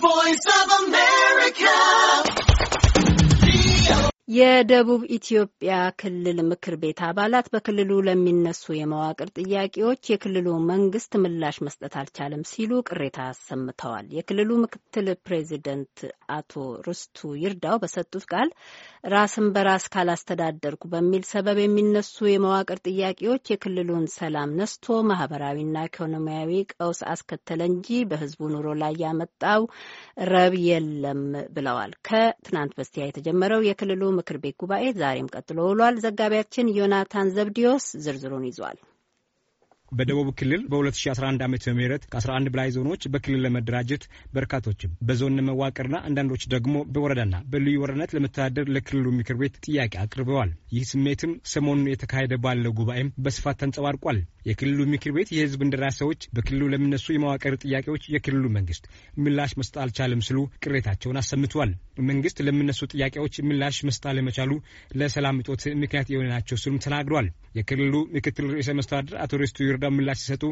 voice of America. የደቡብ ኢትዮጵያ ክልል ምክር ቤት አባላት በክልሉ ለሚነሱ የመዋቅር ጥያቄዎች የክልሉ መንግስት ምላሽ መስጠት አልቻለም ሲሉ ቅሬታ አሰምተዋል። የክልሉ ምክትል ፕሬዚደንት አቶ ርስቱ ይርዳው በሰጡት ቃል ራስን በራስ ካላስተዳደርኩ በሚል ሰበብ የሚነሱ የመዋቅር ጥያቄዎች የክልሉን ሰላም ነስቶ ማህበራዊና ኢኮኖሚያዊ ቀውስ አስከተለ እንጂ በህዝቡ ኑሮ ላይ ያመጣው ረብ የለም ብለዋል። ከትናንት በስቲያ የተጀመረው የክልሉ ምክር ቤት ጉባኤ ዛሬም ቀጥሎ ውሏል። ዘጋቢያችን ዮናታን ዘብዲዮስ ዝርዝሩን ይዟል። በደቡብ ክልል በ2011 ዓ ም ከ11 በላይ ዞኖች በክልል ለመደራጀት በርካቶችም በዞን መዋቅርና አንዳንዶች ደግሞ በወረዳና በልዩ ወረዳነት ለመተዳደር ለክልሉ ምክር ቤት ጥያቄ አቅርበዋል። ይህ ስሜትም ሰሞኑን የተካሄደ ባለው ጉባኤም በስፋት ተንጸባርቋል። የክልሉ ምክር ቤት የህዝብ እንደራሴዎች በክልሉ ለሚነሱ የመዋቅር ጥያቄዎች የክልሉ መንግስት ምላሽ መስጠት አልቻለም ሲሉ ቅሬታቸውን አሰምተዋል። መንግስት ለሚነሱ ጥያቄዎች ምላሽ መስጠት አለመቻሉ ለሰላም እጦት ምክንያት የሆነ ናቸው ሲሉም ተናግሯል። የክልሉ ምክትል ርዕሰ መስተዳድር አቶ ሬስቱ በወረዳው ምላሽ ሲሰጡ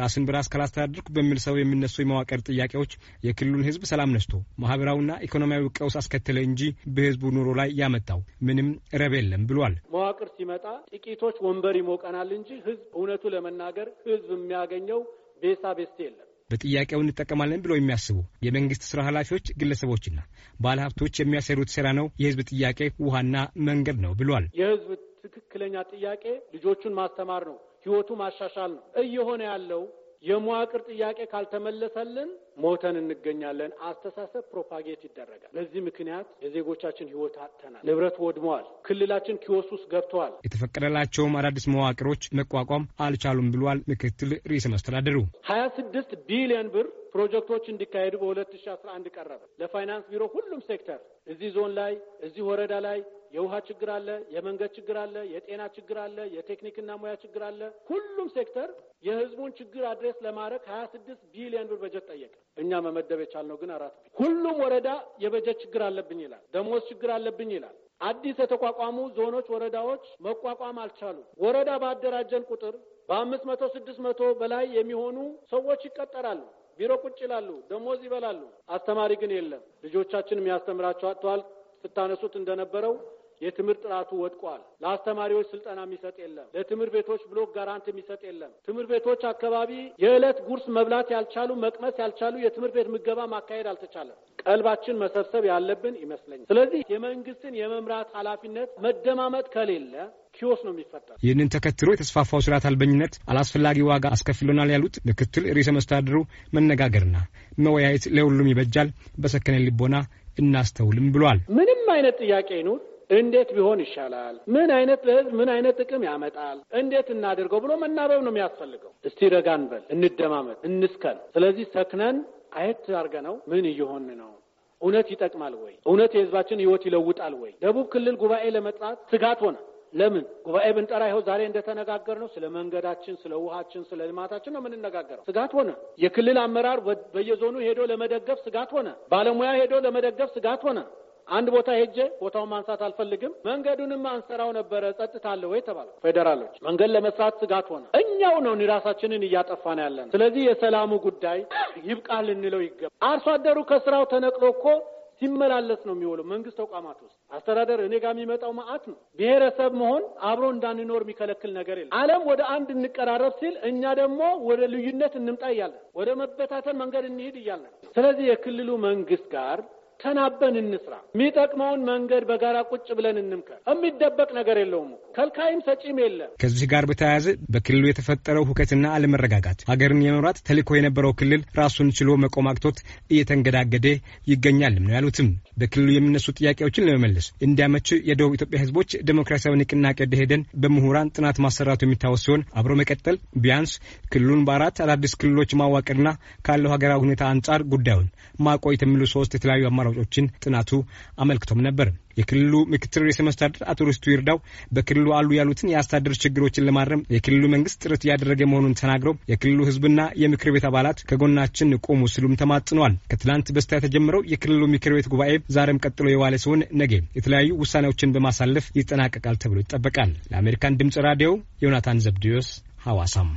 ራስን በራስ ካላስተዳድርኩ በሚል ሰው የሚነሱ የመዋቅር ጥያቄዎች የክልሉን ህዝብ ሰላም ነስቶ ማህበራዊና ኢኮኖሚያዊ ቀውስ አስከተለ እንጂ በህዝቡ ኑሮ ላይ ያመጣው ምንም ረብ የለም ብሏል። መዋቅር ሲመጣ ጥቂቶች ወንበር ይሞቀናል እንጂ ህዝብ እውነቱ ለመናገር ህዝብ የሚያገኘው ቤሳ ቤስቴ የለም። በጥያቄው እንጠቀማለን ብለው የሚያስቡ የመንግስት ስራ ኃላፊዎች፣ ግለሰቦችና ባለሀብቶች የሚያሰሩት ስራ ነው የህዝብ ጥያቄ ውሃና መንገድ ነው ብሏል። የህዝብ ትክክለኛ ጥያቄ ልጆቹን ማስተማር ነው፣ ህይወቱ ማሻሻል ነው። እየሆነ ያለው የመዋቅር ጥያቄ ካልተመለሰልን ሞተን እንገኛለን። አስተሳሰብ ፕሮፓጌት ይደረጋል። በዚህ ምክንያት የዜጎቻችን ህይወት አጥተናል። ንብረት ወድመዋል። ክልላችን ኪዮስ ውስጥ ገብተዋል። የተፈቀደላቸውም አዳዲስ መዋቅሮች መቋቋም አልቻሉም ብሏል ምክትል ርዕሰ መስተዳድሩ። ሀያ ስድስት ቢሊዮን ብር ፕሮጀክቶች እንዲካሄዱ በ2011 ቀረበ። ለፋይናንስ ቢሮ ሁሉም ሴክተር እዚህ ዞን ላይ እዚህ ወረዳ ላይ የውሃ ችግር አለ፣ የመንገድ ችግር አለ፣ የጤና ችግር አለ፣ የቴክኒክና ሙያ ችግር አለ። ሁሉም ሴክተር የህዝቡን ችግር አድሬስ ለማድረግ ሀያ ስድስት ቢሊዮን ብር በጀት ጠየቀ። እኛ መመደብ የቻልነው ግን አራት ሁሉም ወረዳ የበጀት ችግር አለብኝ ይላል፣ ደሞዝ ችግር አለብኝ ይላል። አዲስ የተቋቋሙ ዞኖች፣ ወረዳዎች መቋቋም አልቻሉ ወረዳ ባደራጀን ቁጥር በአምስት መቶ ስድስት መቶ በላይ የሚሆኑ ሰዎች ይቀጠራሉ። ቢሮ ቁጭ ይላሉ፣ ደሞዝ ይበላሉ። አስተማሪ ግን የለም። ልጆቻችን የሚያስተምራቸው አጥተዋል። ስታነሱት እንደነበረው የትምህርት ጥራቱ ወድቋል። ለአስተማሪዎች ስልጠና የሚሰጥ የለም። ለትምህርት ቤቶች ብሎክ ጋራንት የሚሰጥ የለም። ትምህርት ቤቶች አካባቢ የዕለት ጉርስ መብላት ያልቻሉ መቅመስ ያልቻሉ የትምህርት ቤት ምገባ ማካሄድ አልተቻለም። ቀልባችን መሰብሰብ ያለብን ይመስለኛል። ስለዚህ የመንግስትን የመምራት ኃላፊነት መደማመጥ ከሌለ ኪዮስ ነው የሚፈጠር። ይህንን ተከትሎ የተስፋፋው ስርዓት አልበኝነት አላስፈላጊ ዋጋ አስከፍሎናል ያሉት ምክትል ርዕሰ መስተዳድሩ መነጋገርና መወያየት ለሁሉም ይበጃል፣ በሰከነ ልቦና እናስተውልም ብሏል። ምንም አይነት ጥያቄ ይኑር እንዴት ቢሆን ይሻላል፣ ምን አይነት ለህዝብ ምን አይነት ጥቅም ያመጣል፣ እንዴት እናደርገው ብሎ መናበብ ነው የሚያስፈልገው። እስቲ ረጋን በል እንደማመጥ፣ እንስከን። ስለዚህ ሰክነን አየት አድርገ ነው ምን እየሆን ነው እውነት ይጠቅማል ወይ? እውነት የህዝባችን ህይወት ይለውጣል ወይ? ደቡብ ክልል ጉባኤ ለመጥራት ስጋት ሆነ። ለምን ጉባኤ ብንጠራ ይኸው ዛሬ እንደተነጋገር ነው ስለ መንገዳችን፣ ስለ ውሃችን፣ ስለ ልማታችን ነው የምንነጋገረው። ስጋት ሆነ። የክልል አመራር በየዞኑ ሄዶ ለመደገፍ ስጋት ሆነ። ባለሙያ ሄዶ ለመደገፍ ስጋት ሆነ። አንድ ቦታ ሄጄ ቦታውን ማንሳት አልፈልግም፣ መንገዱንም አንሰራው ነበረ ጸጥታ አለ ወይ ተባለ። ፌዴራሎች መንገድ ለመስራት ስጋት ሆነ። እኛው ነው ራሳችንን እያጠፋን ያለን። ስለዚህ የሰላሙ ጉዳይ ይብቃ ልንለው ይገባ አርሶ አደሩ ከስራው ተነቅሎ እኮ ሲመላለስ ነው የሚውለው። መንግስት ተቋማት ውስጥ አስተዳደር እኔ ጋር የሚመጣው ማአት ነው። ብሔረሰብ መሆን አብሮ እንዳንኖር የሚከለክል ነገር የለም። ዓለም ወደ አንድ እንቀራረብ ሲል እኛ ደግሞ ወደ ልዩነት እንምጣ እያለን፣ ወደ መበታተን መንገድ እንሄድ እያለን። ስለዚህ የክልሉ መንግስት ጋር ተናበን እንስራ። የሚጠቅመውን መንገድ በጋራ ቁጭ ብለን እንምከር። የሚደበቅ ነገር የለውም። ከልካይም ሰጪም የለም። ከዚህ ጋር በተያያዘ በክልሉ የተፈጠረው ሁከትና አለመረጋጋት ሀገርን የመምራት ተልዕኮ የነበረው ክልል ራሱን ችሎ መቆም አቅቶት እየተንገዳገደ ይገኛልም ነው ያሉትም። በክልሉ የሚነሱ ጥያቄዎችን ለመመለስ እንዲያመች የደቡብ ኢትዮጵያ ህዝቦች ዴሞክራሲያዊ ንቅናቄ ደኢህዴን በምሁራን ጥናት ማሰራቱ የሚታወስ ሲሆን አብሮ መቀጠል ቢያንስ ክልሉን በአራት አዳዲስ ክልሎች ማዋቅርና ካለው ሀገራዊ ሁኔታ አንጻር ጉዳዩን ማቆየት የሚሉ ሶስት የተለያዩ አማራ አማራጮችን ጥናቱ አመልክቶም ነበር። የክልሉ ምክትል ርዕሰ መስተዳድር አቶ ርስቱ ይርዳው በክልሉ አሉ ያሉትን የአስተዳደር ችግሮችን ለማረም የክልሉ መንግስት ጥረት እያደረገ መሆኑን ተናግረው የክልሉ ህዝብና የምክር ቤት አባላት ከጎናችን ቆሙ ሲሉም ተማጽነዋል። ከትላንት በስቲያ የተጀመረው የክልሉ ምክር ቤት ጉባኤ ዛሬም ቀጥሎ የዋለ ሲሆን ነገ የተለያዩ ውሳኔዎችን በማሳለፍ ይጠናቀቃል ተብሎ ይጠበቃል። ለአሜሪካን ድምጽ ራዲዮ ዮናታን ዘብዲዮስ ሐዋሳም